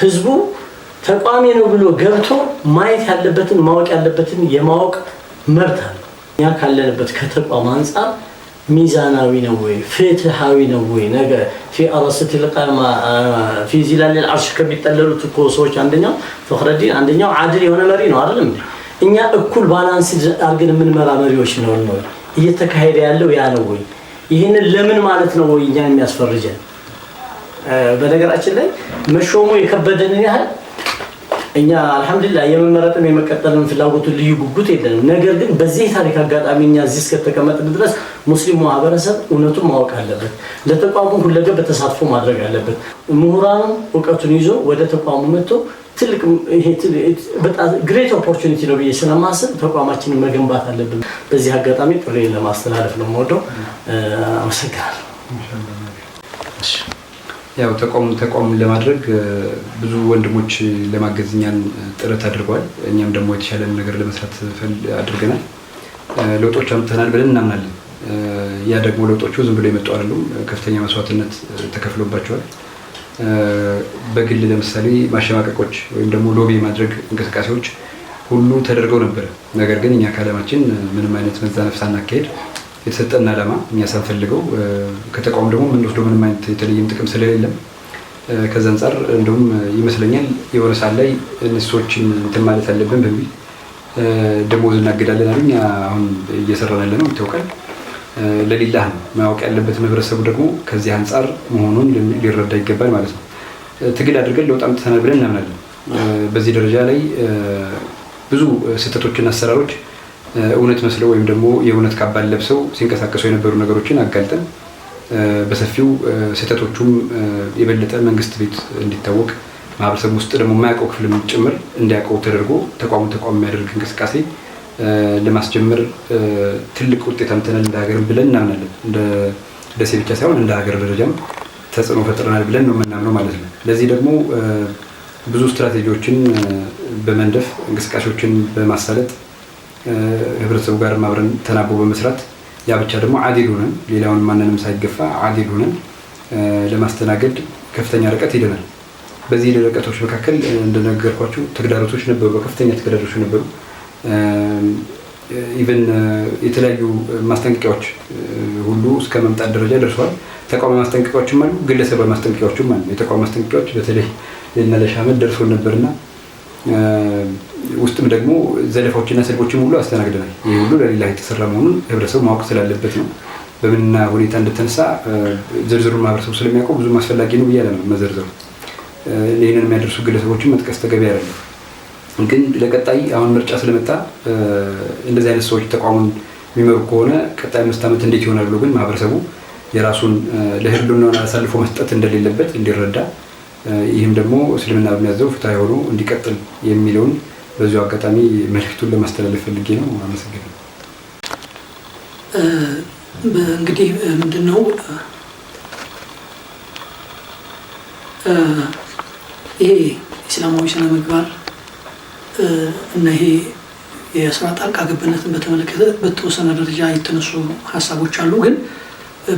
ህዝቡ ተቋሚ ነው ብሎ ገብቶ ማየት ያለበትን ማወቅ ያለበትን የማወቅ መብት አለ። እኛ ካለንበት ከተቋም አንጻር ሚዛናዊ ነው ወይ ፍትሃዊ ነው ወይ? ነገ ፊ አረስት ልቀማ ፊ ዚላል ልዓርሽ ከሚጠለሉት እኮ ሰዎች አንደኛው ፍክረዲን አንደኛው አድል የሆነ መሪ ነው አይደለም። እኛ እኩል ባላንስ አድርገን የምንመራ መሪዎች ነው ነው። እየተካሄደ ያለው ያ ነው ወይ? ይህንን ለምን ማለት ነው ወይ እኛ የሚያስፈርጀን በነገራችን ላይ መሾሙ የከበደን ያህል እኛ አልሐምዱሊላህ የመመረጥም የመቀጠልም ፍላጎቱ ልዩ ጉጉት የለንም። ነገር ግን በዚህ ታሪክ አጋጣሚ እኛ እዚህ እስከተቀመጥን ድረስ ሙስሊም ማህበረሰብ እውነቱን ማወቅ አለበት። ለተቋሙ ሁለገብ ተሳትፎ ማድረግ አለበት። ምሁራኑ እውቀቱን ይዞ ወደ ተቋሙ መጥቶ ትልቅ ግሬት ኦፖርቹኒቲ ነው ብዬ ስለማስብ ተቋማችንን መገንባት አለብን። በዚህ አጋጣሚ ጥሪ ለማስተላለፍ ነው የምወደው። አመሰግናለሁ። ያው ተቋሙ ተቋሙን ለማድረግ ብዙ ወንድሞች ለማገዝ እኛን ጥረት አድርገዋል። እኛም ደግሞ የተሻለን ነገር ለመስራት አድርገናል። ለውጦች አምጥተናል ብለን እናምናለን። ያ ደግሞ ለውጦቹ ዝም ብሎ የመጡ አይደሉም። ከፍተኛ መስዋዕትነት ተከፍሎባቸዋል። በግል ለምሳሌ ማሸማቀቆች ወይም ደግሞ ሎቢ የማድረግ እንቅስቃሴዎች ሁሉ ተደርገው ነበር። ነገር ግን እኛ ከዓላማችን ምንም አይነት መዛነፍ ሳናካሄድ የተሰጠን ዓላማ እኛ ሳንፈልገው ከተቋሙ ደግሞ የምንወስደው ምንም አይነት የተለየም ጥቅም ስለሌለም ከዛ አንጻር እንደውም ይመስለኛል የሆነ ሰዓት ላይ እንስሶችን እንትን ማለት አለብን በሚል ደሞዝ እናገዳለን አሉ። እኛ አሁን እየሰራን ያለ ነው ይታወቃል፣ ለሌላህ ማወቅ ያለበት። ማህበረሰቡ ደግሞ ከዚህ አንጻር መሆኑን ሊረዳ ይገባል ማለት ነው። ትግል አድርገን ለውጥ አምጥተናል ብለን እናምናለን። በዚህ ደረጃ ላይ ብዙ ስህተቶችና አሰራሮች እውነት መስለው ወይም ደግሞ የእውነት ካባን ለብሰው ሲንቀሳቀሱ የነበሩ ነገሮችን አጋልጠን በሰፊው ስህተቶቹም የበለጠ መንግስት ቤት እንዲታወቅ ማህበረሰብ ውስጥ ደግሞ የማያውቀው ክፍልም ጭምር እንዲያውቀው ተደርጎ ተቋሙን ተቋም የሚያደርግ እንቅስቃሴ ለማስጀመር ትልቅ ውጤት አምተናል እንደ ሀገርም ብለን እናምናለን። እንደ ደሴ ብቻ ሳይሆን እንደ ሀገር ደረጃም ተጽዕኖ ፈጥረናል ብለን ነው የምናምነው ማለት ነው። ለዚህ ደግሞ ብዙ ስትራቴጂዎችን በመንደፍ እንቅስቃሴዎችን በማሳለጥ ህብረተሰቡ ጋር አብረን ተናቦ በመስራት ያ ብቻ ደግሞ አዲል ሆነን ሌላውን ማንንም ሳይገፋ አዲል ሆነን ለማስተናገድ ከፍተኛ ርቀት ሄደናል። በዚህ ርቀቶች መካከል እንደነገርኳቸው ተግዳሮቶች ነበሩ፣ በከፍተኛ ተግዳሮች ነበሩ። ኢቨን የተለያዩ ማስጠንቀቂያዎች ሁሉ እስከ መምጣት ደረጃ ደርሰዋል። ተቃዋሚ ማስጠንቀቂያዎችም አሉ፣ ግለሰባዊ ማስጠንቀቂያዎችም አሉ። የተቃዋሚ ማስጠንቀቂያዎች በተለይ ለሻመት ደርሶን ነበርና ውስጥም ደግሞ ዘለፋዎችና ስድቦችን ሁሉ አስተናግደናል። ይህ ሁሉ ለሌላ የተሰራ መሆኑን ህብረተሰቡ ማወቅ ስላለበት ነው። በምንና ሁኔታ እንደተነሳ ዝርዝሩን ማህበረሰቡ ስለሚያውቀው ብዙም አስፈላጊ ነው ብያለ ነው መዘርዘሩ። ይህንን የሚያደርሱ ግለሰቦችን መጥቀስ ተገቢ አይደለም። ግን ለቀጣይ አሁን ምርጫ ስለመጣ እንደዚህ አይነት ሰዎች ተቋሙን የሚመሩ ከሆነ ቀጣይ አምስት ዓመት እንዴት ይሆናሉ ግን ማህበረሰቡ የራሱን ለህልውናውን አሳልፎ መስጠት እንደሌለበት እንዲረዳ ይህም ደግሞ እስልምና በሚያዘው ፍትሐ የሆኑ እንዲቀጥል የሚለውን በዚሁ አጋጣሚ መልክቱን ለማስተላለፍ ፈልጌ ነው። አመሰግን። እንግዲህ ምንድን ነው ይሄ ኢስላማዊ ስነ ምግባር እና ይሄ የስራ ጣልቃ ገብነትን በተመለከተ በተወሰነ ደረጃ የተነሱ ሀሳቦች አሉ ግን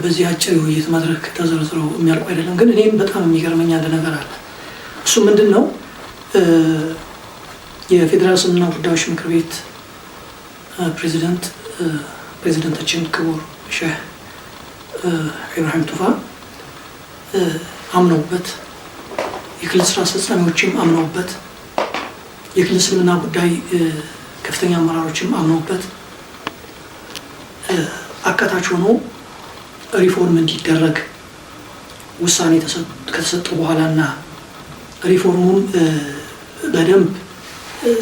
በዚህ አጭር የውይይት መድረክ ተዘርዝሮ የሚያልቁ አይደለም። ግን እኔም በጣም የሚገርመኝ አንድ ነገር አለ። እሱ ምንድን ነው? የፌዴራል እስልምና ጉዳዮች ምክር ቤት ፕሬዚደንት ፕሬዚደንታችን ክቡር ሼህ ኢብራሂም ቱፋ አምነውበት የክልል ስራ አስፈጻሚዎችም አምነውበት የክልል እስልምና ጉዳይ ከፍተኛ አመራሮችም አምነውበት አካታች ሆኖ ሪፎርም እንዲደረግ ውሳኔ ከተሰጠ በኋላ እና ሪፎርሙን በደንብ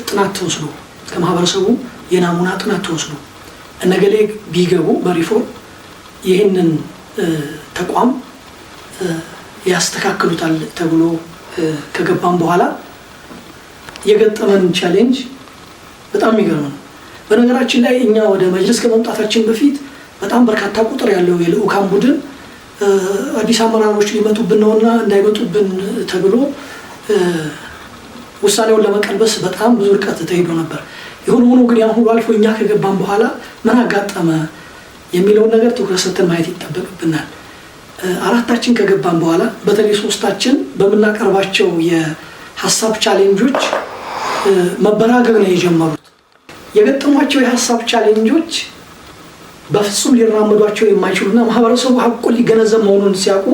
ጥናት ተወስዶ ከማህበረሰቡ የናሙና ጥናት ተወስዶ እነገሌ ቢገቡ በሪፎርም ይህንን ተቋም ያስተካክሉታል ተብሎ ከገባም በኋላ የገጠመን ቻሌንጅ በጣም የሚገርም ነው። በነገራችን ላይ እኛ ወደ መጅልስ ከመምጣታችን በፊት በጣም በርካታ ቁጥር ያለው የልዑካን ቡድን አዲስ አመራሮች ሊመጡብን ነውና እንዳይመጡብን ተብሎ ውሳኔውን ለመቀልበስ በጣም ብዙ ርቀት ተሄዶ ነበር። ይሁን ሆኖ ግን ያን ሁሉ አልፎ እኛ ከገባን በኋላ ምን አጋጠመ የሚለውን ነገር ትኩረት ሰጥተን ማየት ይጠበቅብናል። አራታችን ከገባን በኋላ በተለይ ሶስታችን በምናቀርባቸው የሀሳብ ቻሌንጆች መበራገብ ነው የጀመሩት። የገጠሟቸው የሀሳብ ቻሌንጆች በፍጹም ሊራመዷቸው የማይችሉና ማህበረሰቡ ሀቁን ሊገነዘብ መሆኑን ሲያውቁ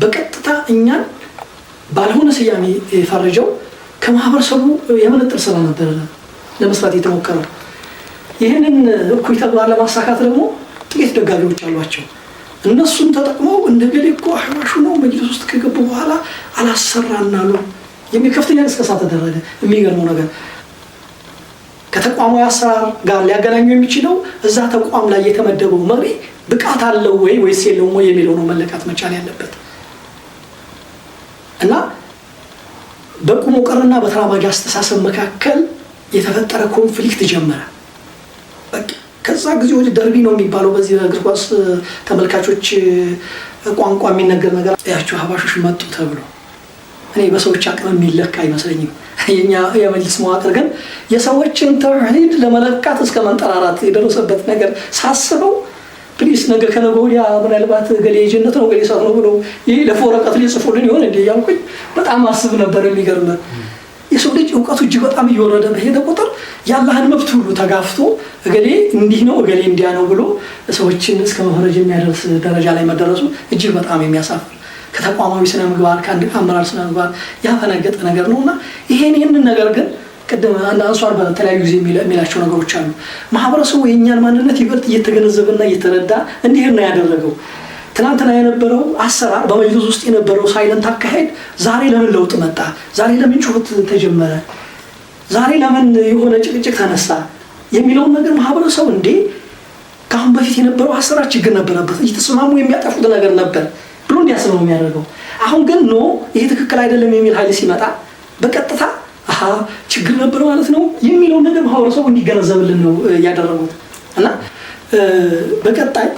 በቀጥታ እኛን ባልሆነ ስያሜ የፈረጀው ከማህበረሰቡ የመነጥር ስራ ነበር ለመስራት የተሞከረው። ይህንን እኩይ ተግባር ለማሳካት ደግሞ ጥቂት ደጋፊዎች አሏቸው። እነሱን ተጠቅመው እንደገሌ እኮ አህባሹ ነው መጅልስ ውስጥ ከገቡ በኋላ አላሰራናሉ የሚል ከፍተኛ ቅስቀሳ ተደረገ። የሚገርመው ነገር ከተቋሙ አሰራር ጋር ሊያገናኙ የሚችለው እዛ ተቋም ላይ የተመደበው መሪ ብቃት አለው ወይ ወይስ የለውም ወይ የሚለው ነው መለካት መቻል ያለበት እና በቁሞ ቀርና በተራማጅ አስተሳሰብ መካከል የተፈጠረ ኮንፍሊክት ጀመረ። ከዛ ጊዜ ወደ ደርቢ ነው የሚባለው በዚህ እግር ኳስ ተመልካቾች ቋንቋ የሚነገር ነገር ያቸው ሀባሾች መጡ ተብሎ እኔ በሰዎች አቅም የሚለካ አይመስለኝም። የኛ የመልስ መዋቅር ግን የሰዎችን ተውሂድ ለመለካት እስከ መንጠራራት የደረሰበት ነገር ሳስበው ፕሊስ ነገ ከነገ ወዲያ ምናልባት ገሌ የጀነት ነው ገሌ ሰት ነው ብሎ ይህ ለፎረቀት ሊጽፉልን ይሆን እንዲ እያልኩኝ በጣም አስብ ነበር። የሚገርም የሰው ልጅ እውቀቱ እጅግ በጣም እየወረደ በሄደ ቁጥር ያላህን መብት ሁሉ ተጋፍቶ እገሌ እንዲህ ነው እገሌ እንዲያ ነው ብሎ ሰዎችን እስከ መፈረጅ የሚያደርስ ደረጃ ላይ መደረሱ እጅግ በጣም የሚያሳፍር ከተቋማዊ ስነ ምግባር አመራር ስነ ምግባር ያፈነገጠ ነገር ነው እና ይሄን ይህንን ነገር ግን ቅድም አንሷር በተለያዩ ጊዜ የሚላቸው ነገሮች አሉ። ማህበረሰቡ የእኛን ማንነት ይበልጥ እየተገነዘበና እየተረዳ እንዲህ ነው ያደረገው። ትናንትና የነበረው አሰራር በመጅልስ ውስጥ የነበረው ሳይለንት አካሄድ ዛሬ ለምን ለውጥ መጣ? ዛሬ ለምን ጩኸት ተጀመረ? ዛሬ ለምን የሆነ ጭቅጭቅ ተነሳ? የሚለውን ነገር ማህበረሰቡ እንዴ ከአሁን በፊት የነበረው አሰራር ችግር ነበረበት፣ እየተስማሙ የሚያጠፉት ነገር ነበር እንዲያስብ ነው የሚያደርገው። አሁን ግን ኖ ይሄ ትክክል አይደለም የሚል ኃይል ሲመጣ በቀጥታ አሀ ችግር ነበር ማለት ነው የሚለው ነገር ማህበረሰቡ እንዲገነዘብልን ነው ያደረጉት እና በቀጣይ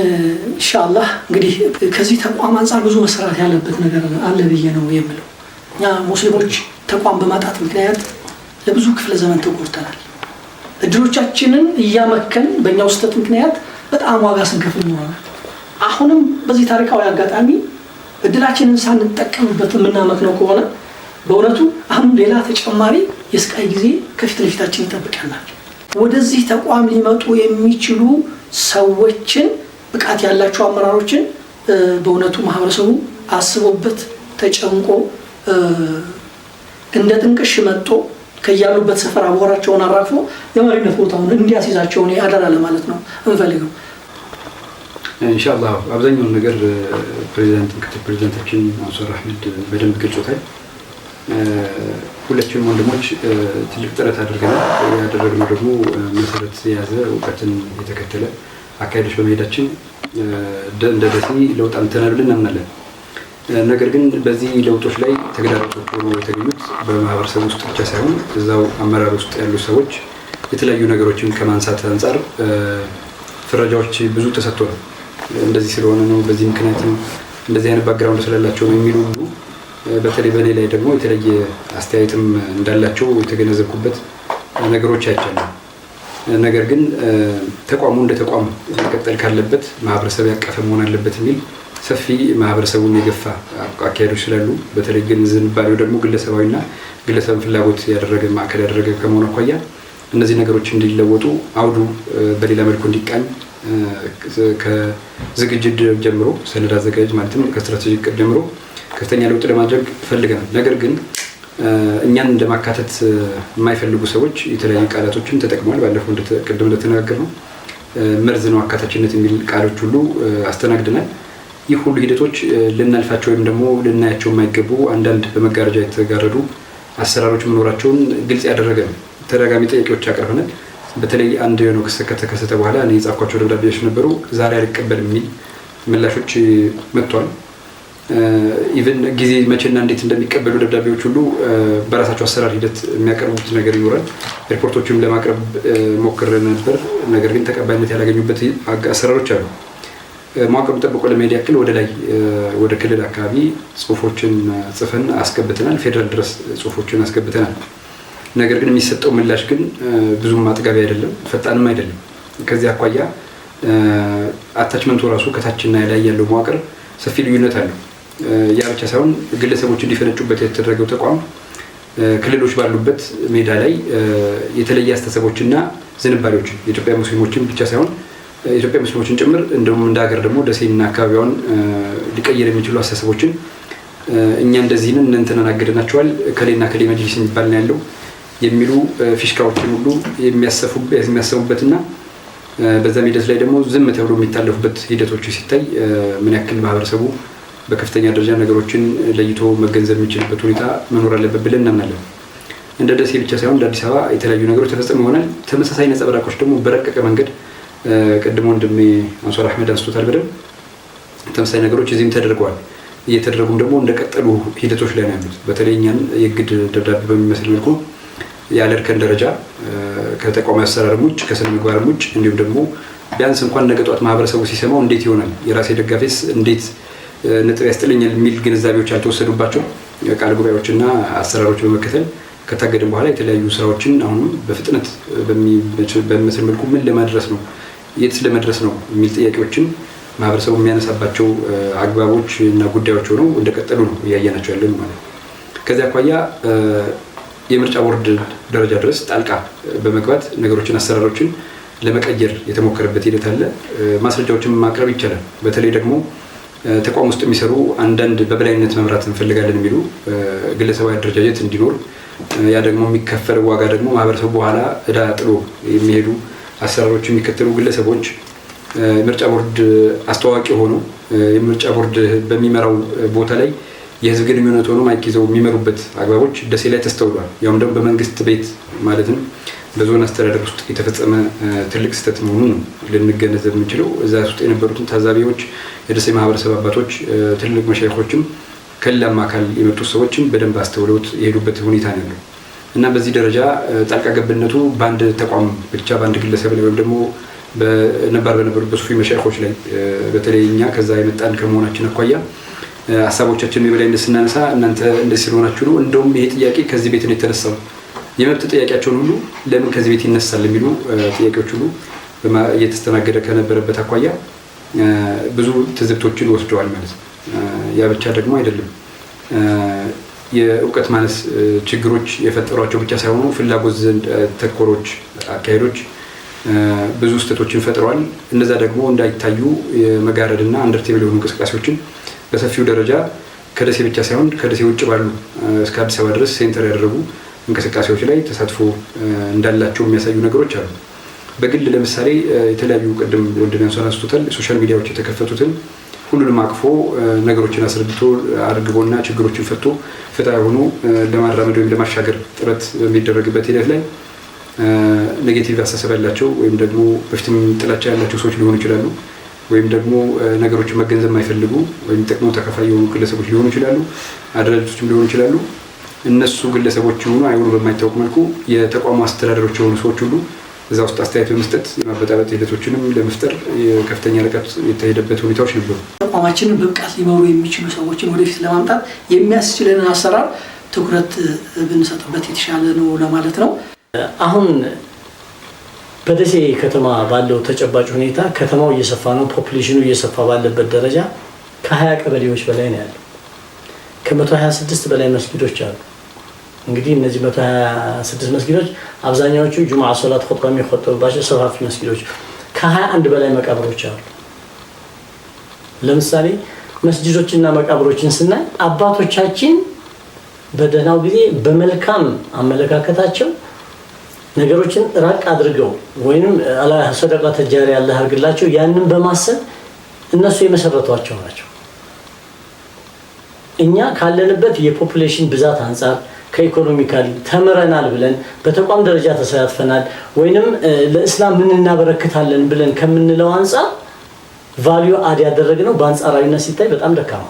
ኢንሻላህ እንግዲህ ከዚህ ተቋም አንጻር ብዙ መሰራት ያለበት ነገር አለ ብዬ ነው የምለው። እኛ ሙስሊሞች ተቋም በማጣት ምክንያት ለብዙ ክፍለ ዘመን ተጎድተናል። እድሮቻችንን እያመከን በእኛ ውስጠት ምክንያት በጣም ዋጋ ስንከፍል ኖረናል። አሁንም በዚህ ታሪካዊ አጋጣሚ እድላችንን ሳንጠቀምበት የምናመክነው ከሆነ በእውነቱ አሁን ሌላ ተጨማሪ የስቃይ ጊዜ ከፊት ለፊታችን ይጠብቀናል። ወደዚህ ተቋም ሊመጡ የሚችሉ ሰዎችን ብቃት ያላቸው አመራሮችን በእውነቱ ማህበረሰቡ አስቦበት ተጨንቆ እንደ ጥንቅሽ መጥቶ ከያሉበት ሰፈር አቧራቸውን አራግፎ የመሪነት ቦታውን እንዲያስይዛቸውን አደራ ለማለት ነው እንፈልገው። እንሻላ አብዛኛውን ነገር ፕሬዚዳንት ምክትል ፕሬዚዳንታችን አንሷር አህመድ በደንብ ገልጾታል። ሁለቱም ወንድሞች ትልቅ ጥረት አድርገናል። ያደረግነው ደግሞ መሰረት የያዘ እውቀትን የተከተለ አካሄዶች በመሄዳችን እንደ ደሴ ለውጥ አምጥተናል ብለን እናምናለን። ነገር ግን በዚህ ለውጦች ላይ ተግዳሮቶች ሆኖ የተገኙት በማህበረሰብ ውስጥ ብቻ ሳይሆን እዛው አመራር ውስጥ ያሉ ሰዎች የተለያዩ ነገሮችን ከማንሳት አንጻር ፍረጃዎች ብዙ ተሰጥቶ ነው እንደዚህ ስለሆነ ነው፣ በዚህ ምክንያት ነው፣ እንደዚህ አይነት ባግራውንድ ስላላቸው ነው የሚሉ ሁሉ በተለይ በእኔ ላይ ደግሞ የተለየ አስተያየትም እንዳላቸው የተገነዘብኩበት ነገሮች አይቻለሁ። ነገር ግን ተቋሙ እንደ ተቋም መቀጠል ካለበት ማህበረሰብ ያቀፈ መሆን አለበት የሚል ሰፊ ማህበረሰቡን የገፋ አካሄዶች ስላሉ በተለይ ግን ዝንባሌው ደግሞ ግለሰባዊና ግለሰብ ፍላጎት ያደረገ ማዕከል ያደረገ ከመሆኑ አኳያ እነዚህ ነገሮች እንዲለወጡ አውዱ በሌላ መልኩ እንዲቃኝ ከዝግጅት ጀምሮ ሰነድ አዘጋጅ ማለትም ከስትራቴጂክ ጀምሮ ከፍተኛ ለውጥ ለማድረግ ፈልገናል። ነገር ግን እኛን እንደማካተት የማይፈልጉ ሰዎች የተለያዩ ቃላቶችን ተጠቅመዋል። ባለፈው ቅድም እንደተነጋገር ነው መርዝ ነው አካታችነት የሚል ቃሎች ሁሉ አስተናግደናል። ይህ ሁሉ ሂደቶች ልናልፋቸው ወይም ደግሞ ልናያቸው የማይገቡ አንዳንድ በመጋረጃ የተጋረዱ አሰራሮች መኖራቸውን ግልጽ ያደረገ ነው። ተደጋጋሚ ጥያቄዎች አቅርበናል። በተለይ አንድ የሆነ ክስ ከተከሰተ በኋላ እኔ የጻፍኳቸው ደብዳቤዎች ነበሩ ዛሬ አልቀበልም የሚል ምላሾች መጥቷል። ኢቨን ጊዜ መቼና እንዴት እንደሚቀበሉ ደብዳቤዎች ሁሉ በራሳቸው አሰራር ሂደት የሚያቀርቡት ነገር ይኖራል። ሪፖርቶችም ለማቅረብ ሞክር ነበር፣ ነገር ግን ተቀባይነት ያላገኙበት አሰራሮች አሉ። መዋቅሩ ጠብቆ ለመሄድ ያክል ወደ ላይ ወደ ክልል አካባቢ ጽሁፎችን ጽፈን አስገብተናል። ፌዴራል ድረስ ጽሁፎችን አስገብተናል። ነገር ግን የሚሰጠው ምላሽ ግን ብዙም አጥጋቢ አይደለም፣ ፈጣንም አይደለም። ከዚህ አኳያ አታችመንቱ ራሱ ከታችና ላይ ያለው መዋቅር ሰፊ ልዩነት አለው። ያ ብቻ ሳይሆን ግለሰቦች እንዲፈነጩበት የተደረገው ተቋም ክልሎች ባሉበት ሜዳ ላይ የተለየ አስተሳሰቦችና ዝንባሌዎችን የኢትዮጵያ ሙስሊሞችን ብቻ ሳይሆን የኢትዮጵያ ሙስሊሞችን ጭምር እንደውም እንደ ሀገር ደግሞ ደሴንና አካባቢዋን ሊቀየር የሚችሉ አስተሰቦችን እኛ እንደዚህንን እንንትናናገደናቸዋል ከሌና ከሌ መጅሊስ የሚባል ነው ያለው የሚሉ ፊሽካዎችን ሁሉ የሚያሰሙበትና በዛም ሂደት ላይ ደግሞ ዝም ተብሎ የሚታለፉበት ሂደቶች ሲታይ ምን ያክል ማህበረሰቡ በከፍተኛ ደረጃ ነገሮችን ለይቶ መገንዘብ የሚችልበት ሁኔታ መኖር አለበት ብለን እናምናለን። እንደ ደሴ ብቻ ሳይሆን እንደ አዲስ አበባ የተለያዩ ነገሮች ተፈጽሞ ይሆናል። ተመሳሳይ ነጸብራቆች ደግሞ በረቀቀ መንገድ ቀድሞ ወንድሜ አንሷር አህመድ አንስቶታል በደንብ ተመሳሳይ ነገሮች እዚህም ተደርገዋል። እየተደረጉም ደግሞ እንደቀጠሉ ሂደቶች ላይ ነው ያሉት። በተለይ እኛን የግድ ደብዳቤ በሚመስል መልኩ ያለ እርከን ደረጃ ከተቋሚ አሰራርም ውጭ ከስነ ምግባርም ውጭ እንዲሁም ደግሞ ቢያንስ እንኳን ነገ ጠዋት ማህበረሰቡ ሲሰማው እንዴት ይሆናል የራሴ ደጋፊስ እንዴት ነጥብ ያስጥለኛል የሚል ግንዛቤዎች ያልተወሰዱባቸው ቃል ጉባኤዎችና አሰራሮች በመከተል ከታገድን በኋላ የተለያዩ ስራዎችን አሁንም በፍጥነት በሚመስል መልኩ ምን ለማድረስ ነው የትስ ለመድረስ ነው የሚል ጥያቄዎችን ማህበረሰቡ የሚያነሳባቸው አግባቦች እና ጉዳዮች ሆነው እንደቀጠሉ ነው እያየናቸው ያለን ማለት ነው። ከዚያ አኳያ የምርጫ ቦርድ ደረጃ ድረስ ጣልቃ በመግባት ነገሮችን፣ አሰራሮችን ለመቀየር የተሞከረበት ሂደት አለ። ማስረጃዎችን ማቅረብ ይቻላል። በተለይ ደግሞ ተቋም ውስጥ የሚሰሩ አንዳንድ በበላይነት መምራት እንፈልጋለን የሚሉ ግለሰባዊ አደረጃጀት እንዲኖር ያ ደግሞ የሚከፈል ዋጋ ደግሞ ማህበረሰቡ በኋላ እዳ ጥሎ የሚሄዱ አሰራሮች የሚከተሉ ግለሰቦች ምርጫ ቦርድ አስተዋዋቂ ሆኖ የምርጫ ቦርድ በሚመራው ቦታ ላይ የህዝብ ግንኙነት ሆኖ ማይክ ይዘው የሚመሩበት አግባቦች ደሴ ላይ ተስተውሏል። ያውም ደግሞ በመንግስት ቤት ማለትም በዞን አስተዳደር ውስጥ የተፈጸመ ትልቅ ስህተት መሆኑን ልንገነዘብ የምንችለው እዛ ውስጥ የነበሩትን ታዛቢዎች፣ የደሴ ማህበረሰብ አባቶች፣ ትልቅ መሻይኮችም ከላማ አካል የመጡ ሰዎችም በደንብ አስተውለውት የሄዱበት ሁኔታ ነው ያለው እና በዚህ ደረጃ ጣልቃ ገብነቱ በአንድ ተቋም ብቻ በአንድ ግለሰብ ላይ ወይም ደግሞ ነባር በነበሩበት ሱፊ መሻይኮች ላይ በተለይ እኛ ከዛ የመጣን ከመሆናችን አኳያ ሀሳቦቻችን የበላይነት ስናነሳ እናንተ እንደዚህ ስለሆናችሁ ነው፣ እንደውም ይሄ ጥያቄ ከዚህ ቤት ነው የተነሳው፣ የመብት ጥያቄያቸውን ሁሉ ለምን ከዚህ ቤት ይነሳል የሚሉ ጥያቄዎች ሁሉ እየተስተናገደ ከነበረበት አኳያ ብዙ ትዝብቶችን ወስደዋል ማለት ነው። ያ ብቻ ደግሞ አይደለም። የእውቀት ማነስ ችግሮች የፈጠሯቸው ብቻ ሳይሆኑ ፍላጎት ዘንድ ተኮሮች አካሄዶች ብዙ ስህተቶችን ፈጥረዋል። እነዛ ደግሞ እንዳይታዩ የመጋረድ እና አንደርቴብል የሆኑ እንቅስቃሴዎችን በሰፊው ደረጃ ከደሴ ብቻ ሳይሆን ከደሴ ውጭ ባሉ እስከ አዲስ አበባ ድረስ ሴንተር ያደረጉ እንቅስቃሴዎች ላይ ተሳትፎ እንዳላቸው የሚያሳዩ ነገሮች አሉ። በግል ለምሳሌ የተለያዩ ቅድም ወንድም አንስቶታል። ሶሻል ሚዲያዎች የተከፈቱትን ሁሉንም አቅፎ ነገሮችን አስረድቶ አርግቦና ችግሮችን ፈቶ ፍትሐ የሆኑ ለማራመድ ወይም ለማሻገር ጥረት በሚደረግበት ሂደት ላይ ኔጌቲቭ አሳሰብ ያላቸው ወይም ደግሞ በፊትም ጥላቻ ያላቸው ሰዎች ሊሆኑ ይችላሉ። ወይም ደግሞ ነገሮችን መገንዘብ የማይፈልጉ ወይም ጥቅሙ ተከፋይ የሆኑ ግለሰቦች ሊሆኑ ይችላሉ፣ አደራጅቶችም ሊሆኑ ይችላሉ። እነሱ ግለሰቦች ሆኑ አይሆኑ በማይታወቅ መልኩ የተቋሙ አስተዳደሮች የሆኑ ሰዎች ሁሉ እዛ ውስጥ አስተያየት በመስጠት የማበጣበጥ ሂደቶችንም ለመፍጠር ከፍተኛ ርቀት የተሄደበት ሁኔታዎች ነበሩ። ተቋማችንን በብቃት ሊመሩ የሚችሉ ሰዎችን ወደፊት ለማምጣት የሚያስችለንን አሰራር ትኩረት ብንሰጥበት የተሻለ ነው ለማለት ነው አሁን በደሴ ከተማ ባለው ተጨባጭ ሁኔታ ከተማው እየሰፋ ነው። ፖፕሌሽኑ እየሰፋ ባለበት ደረጃ ከ20 ቀበሌዎች በላይ ነው ያለው። ከ126 በላይ መስጊዶች አሉ። እንግዲህ እነዚህ 126 መስጊዶች አብዛኛዎቹ ጁምዓ ሶላት ኹጥባ የሚቆጠሩባቸው ሰፋፊ መስጊዶች፣ ከ21 በላይ መቃብሮች አሉ። ለምሳሌ መስጂዶችና መቃብሮችን ስናይ አባቶቻችን በደህናው ጊዜ በመልካም አመለካከታቸው ነገሮችን ራቅ አድርገው ወይም ሰደቃ ተጃሪ ያለ አድርግላቸው ያንን በማሰብ እነሱ የመሰረቷቸው ናቸው። እኛ ካለንበት የፖፑሌሽን ብዛት አንጻር ከኢኮኖሚካል ተምረናል ብለን በተቋም ደረጃ ተሳትፈናል ወይንም ለእስላም ምን እናበረክታለን ብለን ከምንለው አንጻር ቫሊዩ አድ ያደረግነው በአንጻራዊነት ሲታይ በጣም ደካማ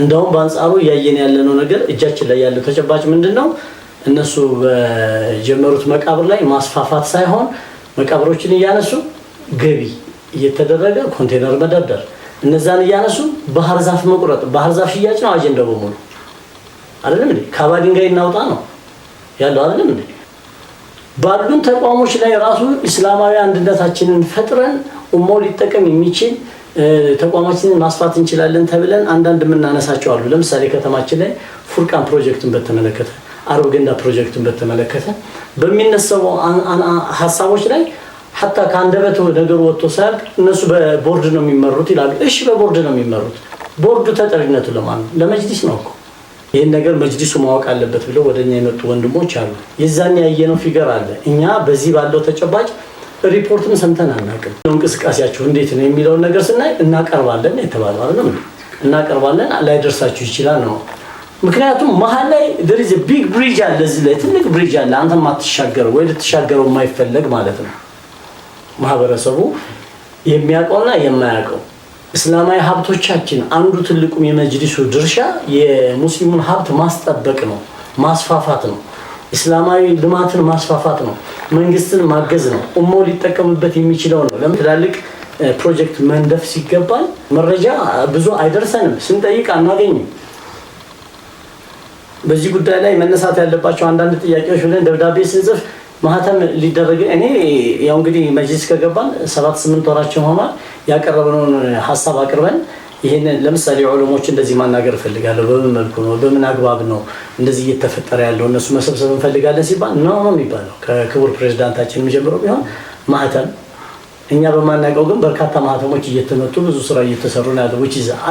እንደውም በአንጻሩ እያየን ያለነው ነገር እጃችን ላይ ያለው ተጨባጭ ምንድን ነው? እነሱ በጀመሩት መቃብር ላይ ማስፋፋት ሳይሆን መቃብሮችን እያነሱ ገቢ እየተደረገ ኮንቴነር መደርደር፣ እነዛን እያነሱ ባህር ዛፍ መቁረጥ፣ ባህር ዛፍ ሽያጭ ነው አጀንዳ በሙሉ አይደለም እንዴ? ካባ ድንጋይ እናውጣ ነው ያለው አይደለም እንዴ? ባሉን ተቋሞች ላይ ራሱ እስላማዊ አንድነታችንን ፈጥረን ኡማው ሊጠቀም የሚችል ተቋማችንን ማስፋት እንችላለን ተብለን አንዳንድ የምናነሳቸው አሉ። ለምሳሌ ከተማችን ላይ ፉርቃን ፕሮጀክትን በተመለከተ አረብ ገንዳ ፕሮጀክቱን በተመለከተ በሚነሰቡ ሀሳቦች ላይ ሀታ ከአንደበት ነገሩ ወጥቶ ሳያልቅ እነሱ በቦርድ ነው የሚመሩት ይላሉ። እሺ በቦርድ ነው የሚመሩት። ቦርዱ ተጠሪነቱ ለማን ለመጅሊስ ነው እኮ። ይህን ነገር መጅሊሱ ማወቅ አለበት ብለው ወደኛ የመጡ ወንድሞች አሉ። የዛን ያየነው ፊገር አለ። እኛ በዚህ ባለው ተጨባጭ ሪፖርትም ሰምተን አናውቅም። እንቅስቃሴያችሁ እንዴት ነው የሚለውን ነገር ስናይ እናቀርባለን የተባለው አይደለም እናቀርባለን፣ ላይደርሳችሁ ይችላል ነው ምክንያቱም መሀል ላይ ደሪዝ ቢግ ብሪጅ አለ፣ እዚህ ላይ ትልቅ ብሪጅ አለ። አንተ ማትሻገረው ወይ ልትሻገረው የማይፈለግ ማለት ነው። ማህበረሰቡ የሚያውቀውና የማያውቀው እስላማዊ ሀብቶቻችን አንዱ ትልቁ የመጅሊሱ ድርሻ የሙስሊሙን ሀብት ማስጠበቅ ነው፣ ማስፋፋት ነው፣ እስላማዊ ልማትን ማስፋፋት ነው፣ መንግስትን ማገዝ ነው፣ እሞ ሊጠቀምበት የሚችለው ነው። ለምን ትላልቅ ፕሮጀክት መንደፍ ሲገባል መረጃ ብዙ አይደርሰንም፣ ስንጠይቅ አናገኝም። በዚህ ጉዳይ ላይ መነሳት ያለባቸው አንዳንድ ጥያቄዎች ብለን ደብዳቤ ስንጽፍ ማህተም ሊደረግ እኔ ያው እንግዲህ መጅሊስ ከገባን ሰባት ስምንት ወራችን ሆኗል። ያቀረብነውን ሀሳብ አቅርበን ይህንን ለምሳሌ ዑለሞች እንደዚህ ማናገር እፈልጋለሁ፣ በምን መልኩ ነው፣ በምን አግባብ ነው እንደዚህ እየተፈጠረ ያለው እነሱ መሰብሰብ እንፈልጋለን ሲባል ነው ነው የሚባለው ከክቡር ፕሬዚዳንታችን የሚጀምረው ቢሆን ማህተም እኛ በማናውቀው ግን በርካታ ማህተሞች እየተመቱ ብዙ ስራ እየተሰሩ ነው ያለ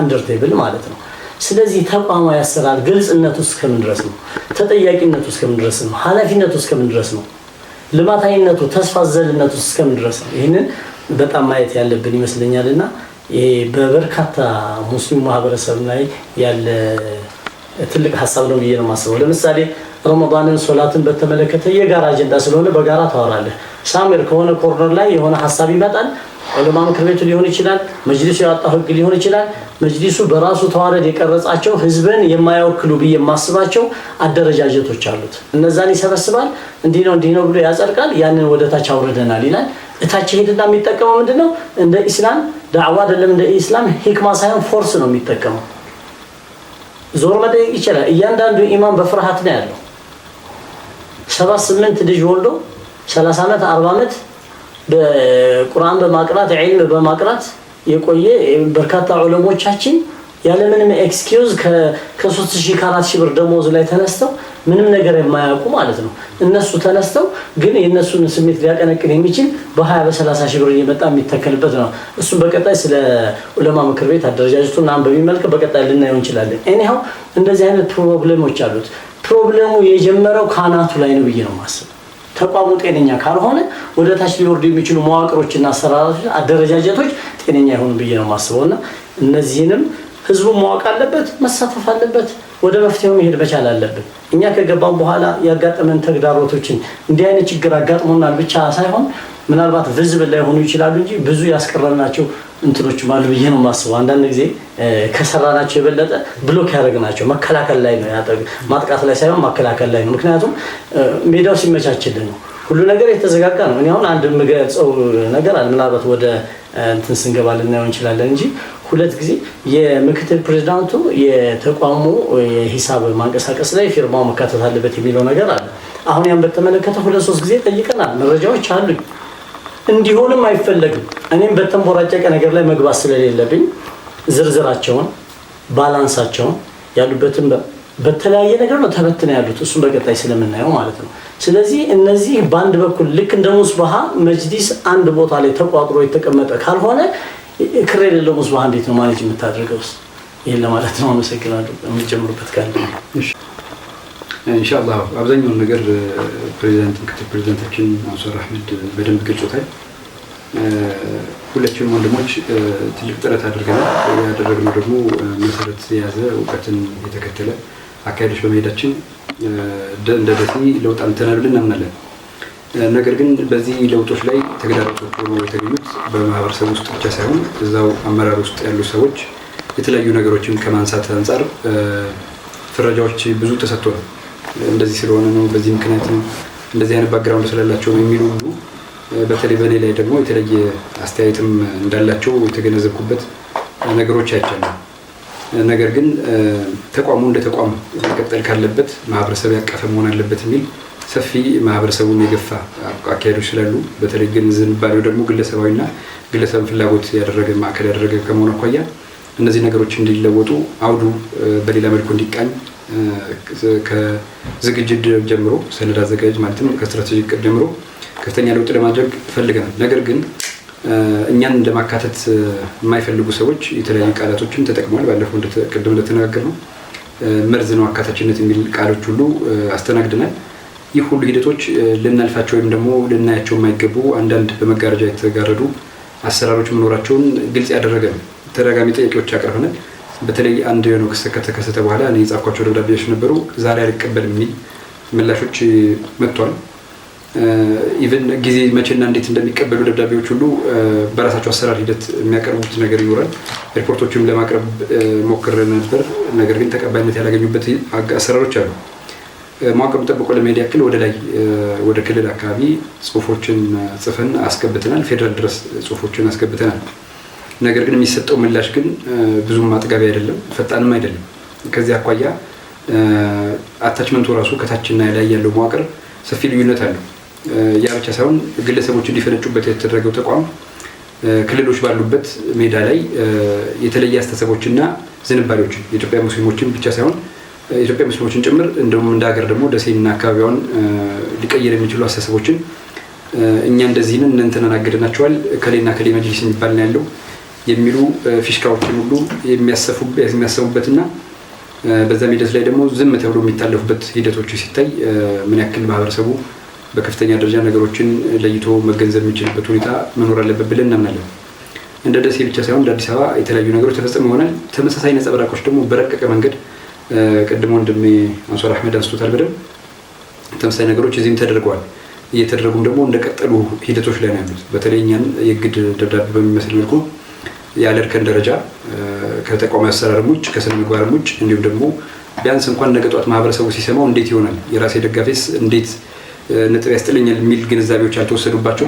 አንደርቴብል ማለት ነው። ስለዚህ ተቋማዊ አሰራር ግልጽነቱ እስከምን ድረስ ነው? ተጠያቂነቱ እስከምን ድረስ ነው? ኃላፊነቱ እስከምን ድረስ ነው? ልማታዊነቱ፣ ተስፋ ዘልነቱ እስከምን ድረስ ነው? ይህንን በጣም ማየት ያለብን ይመስለኛል እና በበርካታ ሙስሊም ማህበረሰብ ላይ ያለ ትልቅ ሀሳብ ነው ብዬ ነው የማስበው። ለምሳሌ ረመዳንን ሶላትን በተመለከተ የጋራ አጀንዳ ስለሆነ በጋራ ታወራለህ። ሳሚር ከሆነ ኮርነር ላይ የሆነ ሀሳብ ይመጣል ዑለማ ምክር ቤቱ ሊሆን ይችላል፣ መጅሊሱ ያወጣው ህግ ሊሆን ይችላል። መጅሊሱ በራሱ ተዋረድ የቀረጻቸው ህዝብን የማይወክሉ ብዬ የማስባቸው አደረጃጀቶች አሉት። እነዛን ይሰበስባል። እንዲህ ነው እንዲህ ነው ብሎ ያጸድቃል። ያንን ወደ ታች አውርደናል ይላል። እታች ሄድና የሚጠቀመው ምንድን ነው? እንደ ኢስላም ዳዕዋ አይደለም። እንደ ኢስላም ሂክማ ሳይሆን ፎርስ ነው የሚጠቀመው። ዞር መጠየቅ ይችላል። እያንዳንዱ ኢማም በፍርሃት ነው ያለው። ሰባት ስምንት ልጅ ወልዶ ሰላሳ ዓመት አርባ ዓመት በቁርአን በማቅራት ዒልም በማቅራት የቆየ በርካታ ዑለሞቻችን ያለምንም ኤክስኪውዝ ከሶስት ሺህ ከአራት ሺህ ብር ደሞዝ ላይ ተነስተው ምንም ነገር የማያውቁ ማለት ነው። እነሱ ተነስተው ግን የእነሱን ስሜት ሊያቀነቅን የሚችል በሀያ በሰላሳ በ30 ሺህ ብር እየመጣ የሚተከልበት ነው። እሱም በቀጣይ ስለ ዑለማ ምክር ቤት አደረጃጀቱ ናም በሚመልክ በቀጣይ ልናየው እንችላለን። እኒያው እንደዚህ አይነት ፕሮብሌሞች አሉት። ፕሮብሌሙ የጀመረው ካናቱ ላይ ነው ብዬ ነው ማስብ ተቋሙ ጤነኛ ካልሆነ ወደ ታች ሊወርዱ የሚችሉ መዋቅሮችና አሰራራቶች፣ አደረጃጀቶች ጤነኛ ይሆኑ ብዬ ነው የማስበው እና እነዚህንም ህዝቡ ማወቅ አለበት፣ መሳተፍ አለበት። ወደ መፍትሄው መሄድ መቻል አለብን። እኛ ከገባን በኋላ ያጋጠመን ተግዳሮቶችን እንዲህ አይነት ችግር አጋጥሞናል ብቻ ሳይሆን ምናልባት ቪዝብል ሆኑ ይችላሉ እንጂ ብዙ ያስቀረናቸው እንትኖች አሉ ብዬ ነው የማስበው። አንዳንድ ጊዜ ከሰራናቸው የበለጠ ብሎክ ያደረግናቸው መከላከል ላይ ነው፣ ማጥቃት ላይ ሳይሆን መከላከል ላይ ነው። ምክንያቱም ሜዳው ሲመቻችልን ነው። ሁሉ ነገር የተዘጋጋ ነው። እኔ አሁን አንድ የምገልጸው ነገር አለ። ምናልባት ወደ እንትን ስንገባ ልናየው እንችላለን እንጂ ሁለት ጊዜ የምክትል ፕሬዚዳንቱ የተቋሙ የሂሳብ ማንቀሳቀስ ላይ ፊርማው መካተት አለበት የሚለው ነገር አለ። አሁን ያን በተመለከተ ሁለት ሶስት ጊዜ ጠይቀናል። መረጃዎች አሉኝ። እንዲሆንም አይፈለግም። እኔም በተንቦራጨቀ ነገር ላይ መግባት ስለሌለብኝ ዝርዝራቸውን ባላንሳቸውን ያሉበትን በተለያየ ነገር ነው ተበትነ ያሉት። እሱን በቀጣይ ስለምናየው ማለት ነው። ስለዚህ እነዚህ በአንድ በኩል ልክ እንደ ሙስባሃ መጅሊስ አንድ ቦታ ላይ ተቋጥሮ የተቀመጠ ካልሆነ ክር የሌለው ሙስባሃ እንዴት ነው ማለት የምታደርገው? ውስጥ ይህን ለማለት ነው። አመሰግናለሁ። የምትጀምሩበት ካለ ኢንሻአላህ። አብዛኛውን ነገር ፕሬዚዳንት፣ ምክትል ፕሬዚዳንታችን አንሷር አህመድ በደንብ ገልጾታል። ሁላችንም ወንድሞች ትልቅ ጥረት አድርገናል። ያደረግነው ደግሞ መሰረት የያዘ እውቀትን የተከተለ አካሄዶች በመሄዳችን እንደ ደሴ ለውጥ አምጥተናል ብለን እናምናለን። ነገር ግን በዚህ ለውጦች ላይ ተግዳሮቶች ሆኖ የተገኙት በማህበረሰብ ውስጥ ብቻ ሳይሆን እዛው አመራር ውስጥ ያሉ ሰዎች የተለያዩ ነገሮችን ከማንሳት አንጻር ፍረጃዎች ብዙ ተሰጥቶ ነው እንደዚህ ስለሆነ ነው፣ በዚህ ምክንያት ነው፣ እንደዚህ አይነት ባግራውንድ ስላላቸው ነው የሚሉ ሁሉ በተለይ በእኔ ላይ ደግሞ የተለየ አስተያየትም እንዳላቸው የተገነዘብኩበት ነገሮች አይቻለሁ። ነገር ግን ተቋሙ እንደ ተቋም መቀጠል ካለበት ማህበረሰብ ያቀፈ መሆን አለበት የሚል ሰፊ ማህበረሰቡን የገፋ አካሄዶች ስላሉ በተለይ ግን ዝንባሌው ደግሞ ግለሰባዊና ግለሰብ ፍላጎት ያደረገ ማዕከል ያደረገ ከመሆኑ አኳያ እነዚህ ነገሮች እንዲለወጡ አውዱ በሌላ መልኩ እንዲቃኝ ከዝግጅት ጀምሮ ሰነድ አዘጋጅ ማለትም ቅድ ጀምሮ ከፍተኛ ለውጥ ለማድረግ ፈልገናል። ነገር ግን እኛን እንደማካተት የማይፈልጉ ሰዎች የተለያዩ ቃላቶችን ተጠቅመዋል። ባለፈው ቅድም እንደተነጋገር ነው መርዝ ነው አካታችነት የሚል ቃሎች ሁሉ አስተናግደናል። ይህ ሁሉ ሂደቶች ልናልፋቸው ወይም ደግሞ ልናያቸው የማይገቡ አንዳንድ በመጋረጃ የተጋረዱ አሰራሮች መኖራቸውን ግልጽ ያደረገ ነው። ተደጋሚ ጥያቄዎች አቅርበናል። በተለይ አንድ የሆነ ክስ ከተከሰተ በኋላ እኔ የጻፍኳቸው ደብዳቤዎች ነበሩ ዛሬ አልቀበልም የሚል ምላሾች መጥቷል። ኢቨን uh, ጊዜ መቼና እንዴት እንደሚቀበሉ ደብዳቤዎች ሁሉ uh, በራሳቸው አሰራር ሂደት የሚያቀርቡት ነገር ይኖራል። ሪፖርቶችም ለማቅረብ uh, ሞክር ነበር፣ ነገር ግን ተቀባይነት ያላገኙበት አሰራሮች አሉ። መዋቅሩን ጠብቆ ለመሄድ ያክል ወደ ላይ ወደ ክልል አካባቢ ጽሁፎችን ጽፈን አስገብተናል። ፌዴራል ድረስ ጽሁፎችን አስገብተናል። ነገር ግን የሚሰጠው ምላሽ ግን ብዙም አጥጋቢ አይደለም፣ ፈጣንም አይደለም። ከዚህ አኳያ አታችመንቱ ራሱ ከታችና ላይ ያለው መዋቅር ሰፊ ልዩነት አለው። ያ ብቻ ሳይሆን ግለሰቦች እንዲፈነጩበት የተደረገው ተቋም ክልሎች ባሉበት ሜዳ ላይ የተለየ አስተሳሰቦችና ዝንባሌዎችን የኢትዮጵያ ሙስሊሞችን ብቻ ሳይሆን የኢትዮጵያ ሙስሊሞችን ጭምር እንደውም እንደ ሀገር ደግሞ ደሴና አካባቢዋን ሊቀየር የሚችሉ አስተሳሰቦችን እኛ እንደዚህን እንንትናን አገደናቸዋል ከሌና ከሌ መጅሊስ የሚባል ነው ያለው የሚሉ ፊሽካዎችን ሁሉ የሚያሰሙበትና በዛም ሂደት ላይ ደግሞ ዝም ተብሎ የሚታለፉበት ሂደቶች ሲታይ ምን ያክል ማህበረሰቡ በከፍተኛ ደረጃ ነገሮችን ለይቶ መገንዘብ የሚችልበት ሁኔታ መኖር አለበት ብለን እናምናለን። እንደ ደሴ ብቻ ሳይሆን እንደ አዲስ አበባ የተለያዩ ነገሮች ተፈጽሞ ይሆናል። ተመሳሳይ ነጸብራቆች ደግሞ በረቀቀ መንገድ ቀድሞ ወንድሜ አንሷር አህመድ አንስቶታል በደንብ ተመሳሳይ ነገሮች እዚህም ተደርገዋል። እየተደረጉም ደግሞ እንደቀጠሉ ሂደቶች ላይ ነው ያሉት። በተለይ እኛን የግድ ደብዳቤ በሚመስል መልኩ ያለ እርከን ደረጃ ከተቋሚ አሰራርም ውጭ ከስነ ምግባርም ውጭ እንዲሁም ደግሞ ቢያንስ እንኳን ነገ ጧት ማህበረሰቡ ሲሰማው እንዴት ይሆናል የራሴ ደጋፊስ እንዴት ነጥብ ያስጥለኛል የሚል ግንዛቤዎች ያልተወሰዱባቸው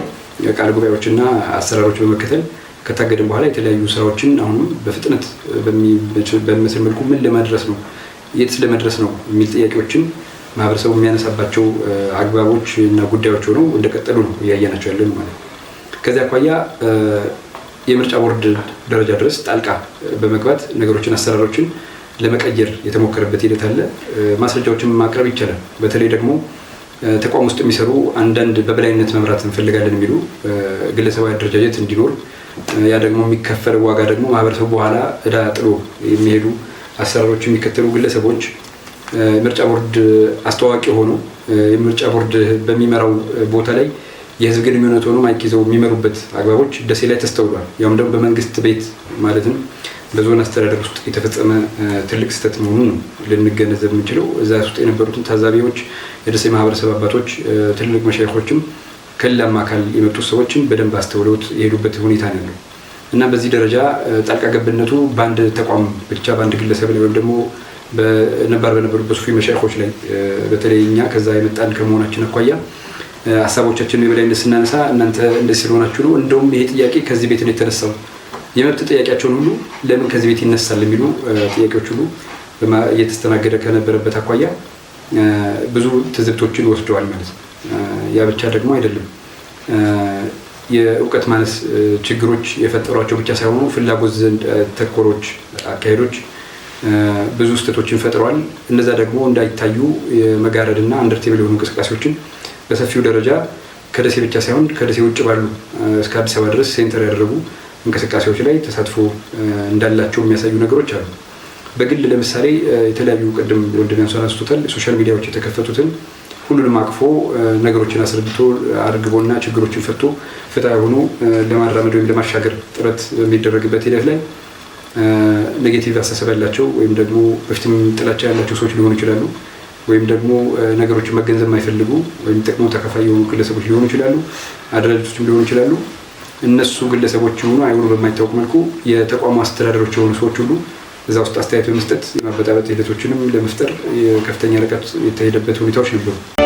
ቃል ጉባኤዎችና አሰራሮች በመከተል ከታገድን በኋላ የተለያዩ ስራዎችን አሁንም በፍጥነት በሚመስል መልኩ ምን ለማድረስ ነው የትስ ለመድረስ ነው የሚል ጥያቄዎችን ማህበረሰቡ የሚያነሳባቸው አግባቦች እና ጉዳዮች ሆነው እንደቀጠሉ ነው እያየናቸው ያለን ማለት ነው። አኳያ የምርጫ ቦርድ ደረጃ ድረስ ጣልቃ በመግባት ነገሮችን፣ አሰራሮችን ለመቀየር የተሞከረበት ሂደት አለ። ማስረጃዎችን ማቅረብ ይቻላል። በተለይ ደግሞ ተቋም ውስጥ የሚሰሩ አንዳንድ በበላይነት መምራት እንፈልጋለን የሚሉ ግለሰባዊ አደረጃጀት እንዲኖር ያ ደግሞ የሚከፈል ዋጋ ደግሞ ማህበረሰቡ በኋላ እዳ ጥሎ የሚሄዱ አሰራሮች የሚከተሉ ግለሰቦች ምርጫ ቦርድ አስተዋዋቂ ሆኖ የምርጫ ቦርድ በሚመራው ቦታ ላይ የህዝብ ግንኙነት ሆኖ ማይክ ይዘው የሚመሩበት አግባቦች ደሴ ላይ ተስተውሏል። ያውም ደግሞ በመንግስት ቤት ማለትም በዞን አስተዳደር ውስጥ የተፈጸመ ትልቅ ስህተት መሆኑን ነው ልንገነዘብ የምንችለው። እዛ ውስጥ የነበሩትን ታዛቢዎች የደሴ ማህበረሰብ አባቶች ትልልቅ መሻይኮችም ከሌላም አካል የመጡ ሰዎችም በደንብ አስተውለውት የሄዱበት ሁኔታ ነው ያለው እና በዚህ ደረጃ ጣልቃ ገብነቱ በአንድ ተቋም ብቻ በአንድ ግለሰብ ላይ ወይም ደግሞ ነባር በነበሩበት ሱፊ መሻይኮች ላይ በተለይ እኛ ከዛ የመጣን ከመሆናችን አኳያ ሀሳቦቻችን የበላይነት ስናነሳ እናንተ እንደዚህ ስለሆናችሁ ነው፣ እንደውም ይሄ ጥያቄ ከዚህ ቤት ነው የተነሳው፣ የመብት ጥያቄያቸውን ሁሉ ለምን ከዚህ ቤት ይነሳል የሚሉ ጥያቄዎች ሁሉ እየተስተናገደ ከነበረበት አኳያ ብዙ ትዝብቶችን ወስደዋል ማለት ነው። ያ ብቻ ደግሞ አይደለም። የእውቀት ማነስ ችግሮች የፈጠሯቸው ብቻ ሳይሆኑ ፍላጎት ዘንድ ተኮሮች አካሄዶች ብዙ ስህተቶችን ፈጥረዋል። እነዛ ደግሞ እንዳይታዩ የመጋረድ እና አንደርቴብል የሆኑ እንቅስቃሴዎችን በሰፊው ደረጃ ከደሴ ብቻ ሳይሆን ከደሴ ውጭ ባሉ እስከ አዲስ አበባ ድረስ ሴንተር ያደረጉ እንቅስቃሴዎች ላይ ተሳትፎ እንዳላቸው የሚያሳዩ ነገሮች አሉ። በግል ለምሳሌ የተለያዩ ቅድም ወንድም አንስቶታል ሶሻል ሚዲያዎች የተከፈቱትን ሁሉንም አቅፎ ነገሮችን አስረድቶ አርግቦና ችግሮችን ፈቶ ፍትሐ የሆኑ ለማራመድ ወይም ለማሻገር ጥረት በሚደረግበት ሂደት ላይ ኔጌቲቭ አስተሳሰብ ያላቸው ወይም ደግሞ በፊትም ጥላቻ ያላቸው ሰዎች ሊሆኑ ይችላሉ። ወይም ደግሞ ነገሮችን መገንዘብ የማይፈልጉ ወይም ጥቅሞ ተከፋይ የሆኑ ግለሰቦች ሊሆኑ ይችላሉ፣ አደራጅቶችም ሊሆኑ ይችላሉ። እነሱ ግለሰቦች ሆኑ አይሆኑ በማይታወቅ መልኩ የተቋሙ አስተዳደሮች የሆኑ ሰዎች ሁሉ እዛ ውስጥ አስተያየት በመስጠት የማበጣበጥ ሂደቶችንም ለመፍጠር ከፍተኛ ርቀት የተሄደበት ሁኔታዎች ነበሩ።